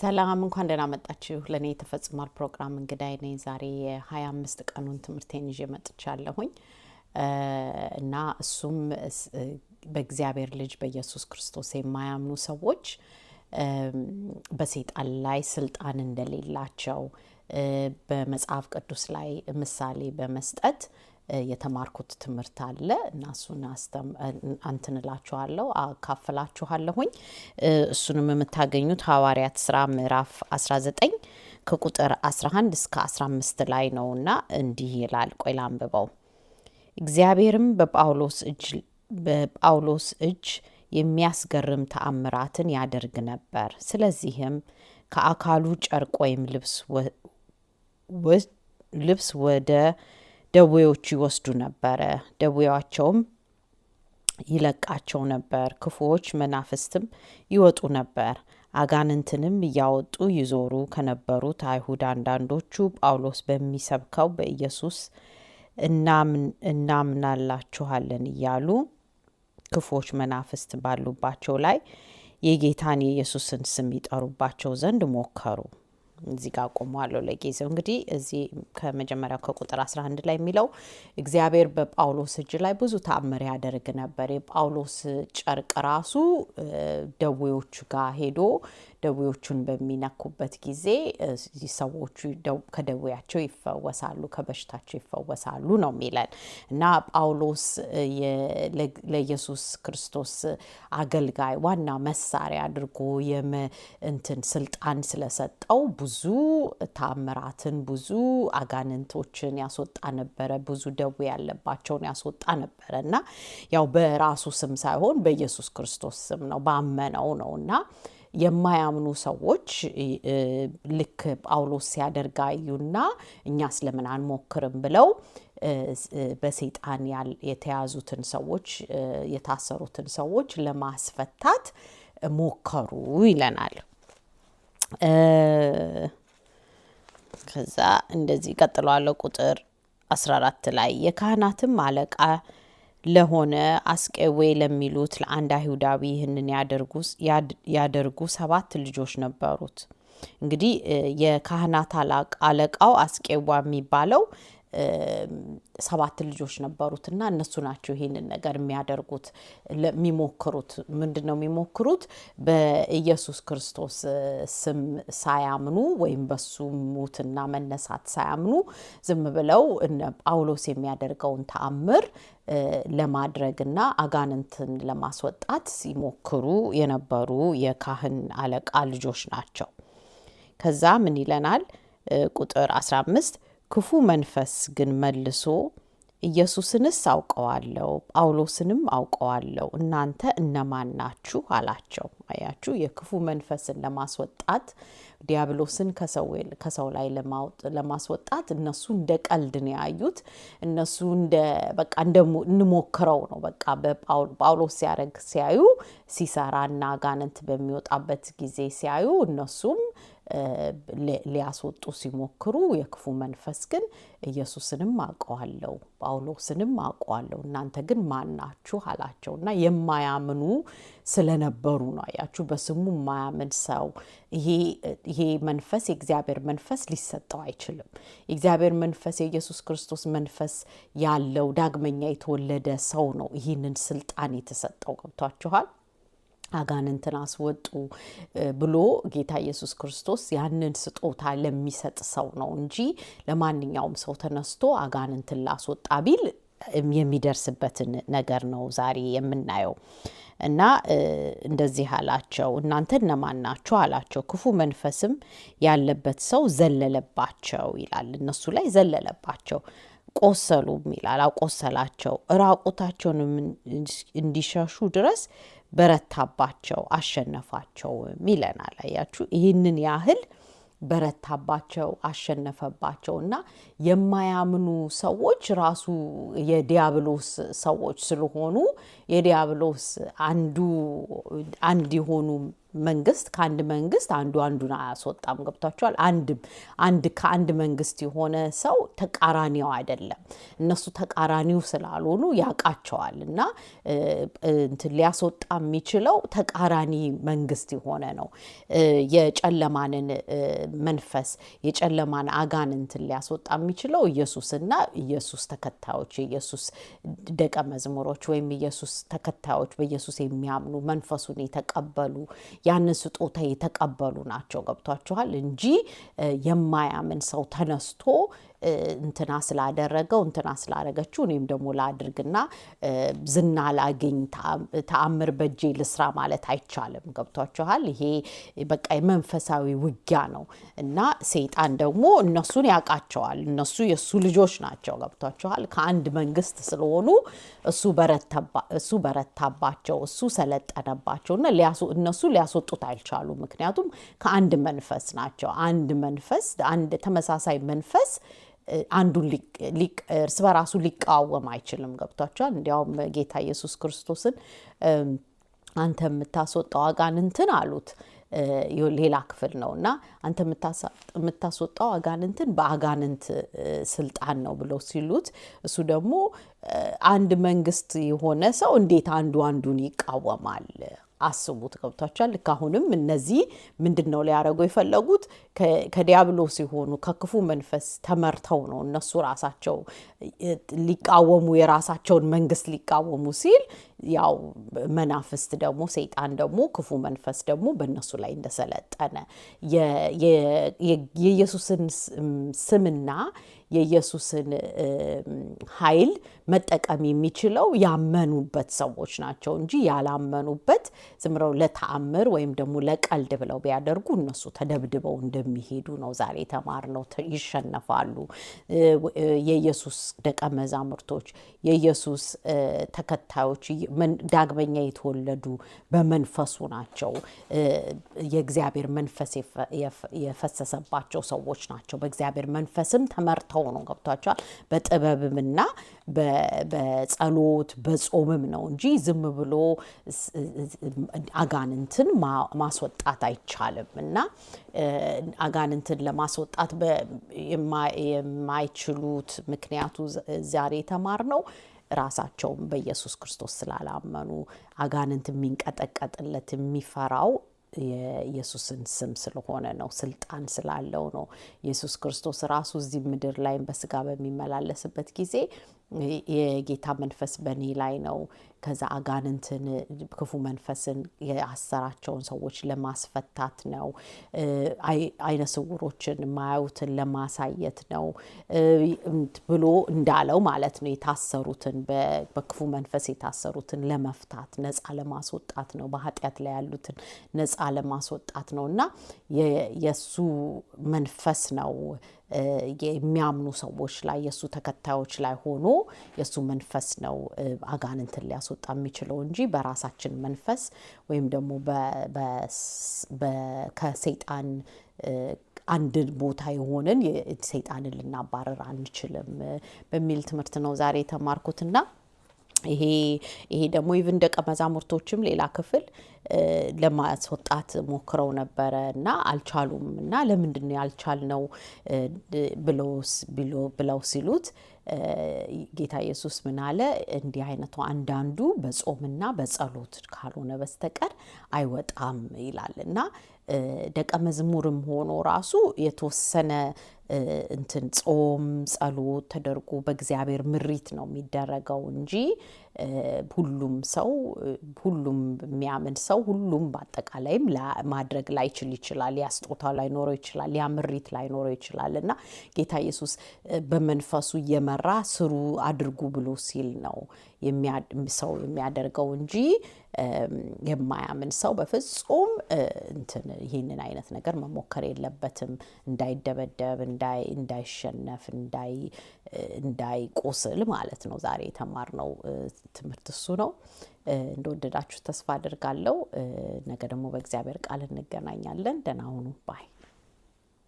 ሰላም እንኳን ደህና መጣችሁ። ለእኔ የተፈጽሟል ፕሮግራም እንግዳይ ነኝ። ዛሬ የሀያ አምስት ቀኑን ትምህርቴን ይዤ መጥቻለሁኝ እና እሱም በእግዚአብሔር ልጅ በኢየሱስ ክርስቶስ የማያምኑ ሰዎች በሴጣን ላይ ስልጣን እንደሌላቸው በመጽሐፍ ቅዱስ ላይ ምሳሌ በመስጠት የተማርኩት ትምህርት አለ እና እሱን አንትን አካፍላችኋለሁኝ። እሱንም የምታገኙት ሐዋርያት ስራ ምዕራፍ 19 ከቁጥር 11 እስከ 15 ላይ ነው እና እንዲህ ይላል። ቆይ ላንብበው። እግዚአብሔርም በጳውሎስ እጅ በጳውሎስ እጅ የሚያስገርም ተአምራትን ያደርግ ነበር። ስለዚህም ከአካሉ ጨርቅ ወይም ልብስ ወደ ደዌዎቹ ይወስዱ ነበረ፣ ደዌያቸውም ይለቃቸው ነበር። ክፉዎች መናፍስትም ይወጡ ነበር፣ አጋንንትንም እያወጡ ይዞሩ ከነበሩት አይሁድ አንዳንዶቹ ጳውሎስ በሚሰብከው በኢየሱስ እናምናላችኋለን እያሉ ክፉዎች መናፍስት ባሉባቸው ላይ የጌታን የኢየሱስን ስም ይጠሩባቸው ዘንድ ሞከሩ። እዚህ ጋር ቆመዋለሁ ለጊዜው። እንግዲህ እዚህ ከመጀመሪያው ከቁጥር 11 ላይ የሚለው እግዚአብሔር በጳውሎስ እጅ ላይ ብዙ ተአምር ያደርግ ነበር። የጳውሎስ ጨርቅ ራሱ ደዌዎቹ ጋር ሄዶ ደዌዎቹን በሚነኩበት ጊዜ ሰዎቹ ከደዌያቸው ይፈወሳሉ፣ ከበሽታቸው ይፈወሳሉ ነው የሚለን እና ጳውሎስ ለኢየሱስ ክርስቶስ አገልጋይ ዋና መሳሪያ አድርጎ እንትን ስልጣን ስለሰጠው ብዙ ታምራትን ብዙ አጋንንቶችን ያስወጣ ነበረ፣ ብዙ ደዌ ያለባቸውን ያስወጣ ነበረ እና ያው በራሱ ስም ሳይሆን በኢየሱስ ክርስቶስ ስም ነው ባመነው ነው እና የማያምኑ ሰዎች ልክ ጳውሎስ ሲያደርግ አዩና እኛ ስለምን አንሞክርም ብለው በሰይጣን የተያዙትን ሰዎች የታሰሩትን ሰዎች ለማስፈታት ሞከሩ ይለናል። ከዛ እንደዚህ ቀጥሏለ ቁጥር 14 ላይ የካህናትም አለቃ ለሆነ አስቀዌ ለሚሉት ለአንድ አይሁዳዊ ይህንን ያደርጉ ሰባት ልጆች ነበሩት። እንግዲህ የካህናት አለቃው አስቄዋ የሚባለው ሰባት ልጆች ነበሩት እና እነሱ ናቸው ይህንን ነገር የሚያደርጉት የሚሞክሩት። ምንድን ነው የሚሞክሩት? በኢየሱስ ክርስቶስ ስም ሳያምኑ ወይም በሱ ሙትና መነሳት ሳያምኑ ዝም ብለው እነ ጳውሎስ የሚያደርገውን ተአምር ለማድረግና አጋንንትን ለማስወጣት ሲሞክሩ የነበሩ የካህን አለቃ ልጆች ናቸው። ከዛ ምን ይለናል? ቁጥር 15 ክፉ መንፈስ ግን መልሶ ኢየሱስንስ አውቀዋለሁ ጳውሎስንም አውቀዋለሁ እናንተ እነማን ናችሁ አላቸው። አያችሁ የክፉ መንፈስን ለማስወጣት ዲያብሎስን ከሰው ላይ ለማስወጣት እነሱ እንደ ቀልድ ነው ያዩት። እነሱ በቃ እንሞክረው ነው በቃ በጳውሎስ ሲያደርግ ሲያዩ ሲሰራ እና አጋንንት በሚወጣበት ጊዜ ሲያዩ እነሱም ሊያስወጡ ሲሞክሩ የክፉ መንፈስ ግን ኢየሱስንም አውቀዋለሁ ጳውሎስንም አውቀዋለሁ እናንተ ግን ማናችሁ አላቸው እና የማያምኑ ስለነበሩ ነው። አያችሁ፣ በስሙ የማያምን ሰው ይሄ መንፈስ የእግዚአብሔር መንፈስ ሊሰጠው አይችልም። የእግዚአብሔር መንፈስ የኢየሱስ ክርስቶስ መንፈስ ያለው ዳግመኛ የተወለደ ሰው ነው ይህንን ስልጣን የተሰጠው። ገብቷችኋል? አጋንንትን አስወጡ ብሎ ጌታ ኢየሱስ ክርስቶስ ያንን ስጦታ ለሚሰጥ ሰው ነው እንጂ ለማንኛውም ሰው ተነስቶ አጋንንትን ላስወጣ ቢል የሚደርስበትን ነገር ነው ዛሬ የምናየው። እና እንደዚህ አላቸው፣ እናንተ እነማን ናችሁ አላቸው። ክፉ መንፈስም ያለበት ሰው ዘለለባቸው ይላል፣ እነሱ ላይ ዘለለባቸው ቆሰሉም ይላል፣ አቆሰላቸው። እራቁታቸውን እንዲሸሹ ድረስ በረታባቸው፣ አሸነፋቸውም ይለናል። አያችሁ ይህንን ያህል በረታባቸው፣ አሸነፈባቸው እና የማያምኑ ሰዎች ራሱ የዲያብሎስ ሰዎች ስለሆኑ የዲያብሎስ አንዱ አንድ የሆኑ መንግስት ከአንድ መንግስት አንዱ አንዱን አያስወጣም። ገብቷቸዋል። አንድ ከአንድ መንግስት የሆነ ሰው ተቃራኒው አይደለም። እነሱ ተቃራኒው ስላልሆኑ ያውቃቸዋል እና እንትን ሊያስወጣ የሚችለው ተቃራኒ መንግስት የሆነ ነው። የጨለማንን መንፈስ የጨለማን አጋንንትን ሊያስወጣ የሚችለው ኢየሱስና ኢየሱስ ተከታዮች የኢየሱስ ደቀ መዝሙሮች ወይም ኢየሱስ ተከታዮች በኢየሱስ የሚያምኑ መንፈሱን የተቀበሉ ያንን ስጦታ የተቀበሉ ናቸው። ገብቷችኋል? እንጂ የማያምን ሰው ተነስቶ እንትና ስላደረገው እንትና ስላደረገችው እኔም ደግሞ ላድርግና ዝና ላግኝ ተአምር በእጄ ልስራ ማለት አይቻልም። ገብቷችኋል? ይሄ በቃ የመንፈሳዊ ውጊያ ነው እና ሰይጣን ደግሞ እነሱን ያውቃቸዋል። እነሱ የእሱ ልጆች ናቸው። ገብቷችኋል? ከአንድ መንግስት ስለሆኑ እሱ በረታባቸው፣ እሱ ሰለጠነባቸው እና እነሱ ሊያስወጡት አይቻሉ። ምክንያቱም ከአንድ መንፈስ ናቸው። አንድ መንፈስ፣ አንድ ተመሳሳይ መንፈስ አንዱ እርስ በራሱ ሊቃወም አይችልም። ገብቷቸዋል። እንዲያውም ጌታ ኢየሱስ ክርስቶስን አንተ የምታስወጣው አጋንንትን አሉት። ሌላ ክፍል ነው እና አንተ የምታስወጣው አጋንንትን በአጋንንት ስልጣን ነው ብለው ሲሉት እሱ ደግሞ አንድ መንግስት የሆነ ሰው እንዴት አንዱ አንዱን ይቃወማል? አስቡት። ገብቷቸዋል። ልክ አሁንም እነዚህ ምንድን ነው ሊያደርገው የፈለጉት ከዲያብሎ ሲሆኑ ከክፉ መንፈስ ተመርተው ነው እነሱ ራሳቸው ሊቃወሙ የራሳቸውን መንግስት ሊቃወሙ ሲል ያው መናፍስት ደግሞ ሰይጣን ደግሞ ክፉ መንፈስ ደግሞ በእነሱ ላይ እንደሰለጠነ የኢየሱስን ስምና የኢየሱስን ኃይል መጠቀም የሚችለው ያመኑበት ሰዎች ናቸው እንጂ ያላመኑበት ዝም ብለው ለተአምር ወይም ደግሞ ለቀልድ ብለው ቢያደርጉ እነሱ ተደብድበው እንደሚሄዱ ነው ዛሬ የተማርነው። ይሸነፋሉ። የኢየሱስ ደቀ መዛሙርቶች፣ የኢየሱስ ተከታዮች ዳግመኛ የተወለዱ በመንፈሱ ናቸው። የእግዚአብሔር መንፈስ የፈሰሰባቸው ሰዎች ናቸው። በእግዚአብሔር መንፈስም ተመርተው ነው። ገብቷቸዋል። በጥበብምና በጸሎት በጾምም ነው እንጂ ዝም ብሎ አጋንንትን ማስወጣት አይቻልም እና አጋንንትን ለማስወጣት የማይችሉት ምክንያቱ ዛሬ የተማር ነው ራሳቸውም በኢየሱስ ክርስቶስ ስላላመኑ አጋንንት የሚንቀጠቀጥለት የሚፈራው የኢየሱስን ስም ስለሆነ ነው። ስልጣን ስላለው ነው። ኢየሱስ ክርስቶስ ራሱ እዚህ ምድር ላይ በስጋ በሚመላለስበት ጊዜ የጌታ መንፈስ በእኔ ላይ ነው ከዛ አጋንንትን ክፉ መንፈስን የአሰራቸውን ሰዎች ለማስፈታት ነው። አይነ ስውሮችን ማያዩትን ለማሳየት ነው ብሎ እንዳለው ማለት ነው። የታሰሩትን በክፉ መንፈስ የታሰሩትን ለመፍታት ነፃ ለማስወጣት ነው። በኃጢአት ላይ ያሉትን ነፃ ለማስወጣት ነው እና የእሱ መንፈስ ነው የሚያምኑ ሰዎች ላይ የእሱ ተከታዮች ላይ ሆኖ የእሱ መንፈስ ነው አጋንንትን ሊያስወጣ የሚችለው እንጂ በራሳችን መንፈስ ወይም ደግሞ ከሰይጣን አንድ ቦታ የሆንን ሰይጣንን ልናባረር አንችልም በሚል ትምህርት ነው ዛሬ የተማርኩትና ይሄ ይሄ ደግሞ ኢቭን ደቀ መዛሙርቶችም ሌላ ክፍል ለማስወጣት ሞክረው ነበረ እና አልቻሉም። እና ለምንድን ነው ያልቻልነው ብለው ሲሉት ጌታ ኢየሱስ ምን አለ? እንዲህ አይነቱ አንዳንዱ በጾምና በጸሎት ካልሆነ በስተቀር አይወጣም ይላል እና ደቀ መዝሙርም ሆኖ ራሱ የተወሰነ እንትን ጾም ጸሎት ተደርጎ በእግዚአብሔር ምሪት ነው የሚደረገው እንጂ ሁሉም ሰው ሁሉም የሚያምን ሰው ሁሉም በአጠቃላይም ማድረግ ላይችል ይችላል። ያ ስጦታ ላይኖረው ይችላል። ያ ምሪት ላይኖረው ይችላል እና ጌታ ኢየሱስ በመንፈሱ እየመራ ስሩ አድርጉ ብሎ ሲል ነው ሰው የሚያደርገው እንጂ የማያምን ሰው በፍጹም እንትን ይህንን አይነት ነገር መሞከር የለበትም። እንዳይደበደብ፣ እንዳይሸነፍ፣ እንዳይቆስል ማለት ነው። ዛሬ የተማርነው ትምህርት እሱ ነው። እንደወደዳችሁ ተስፋ አድርጋለሁ። ነገ ደግሞ በእግዚአብሔር ቃል እንገናኛለን። ደህና ሁኑ ባይ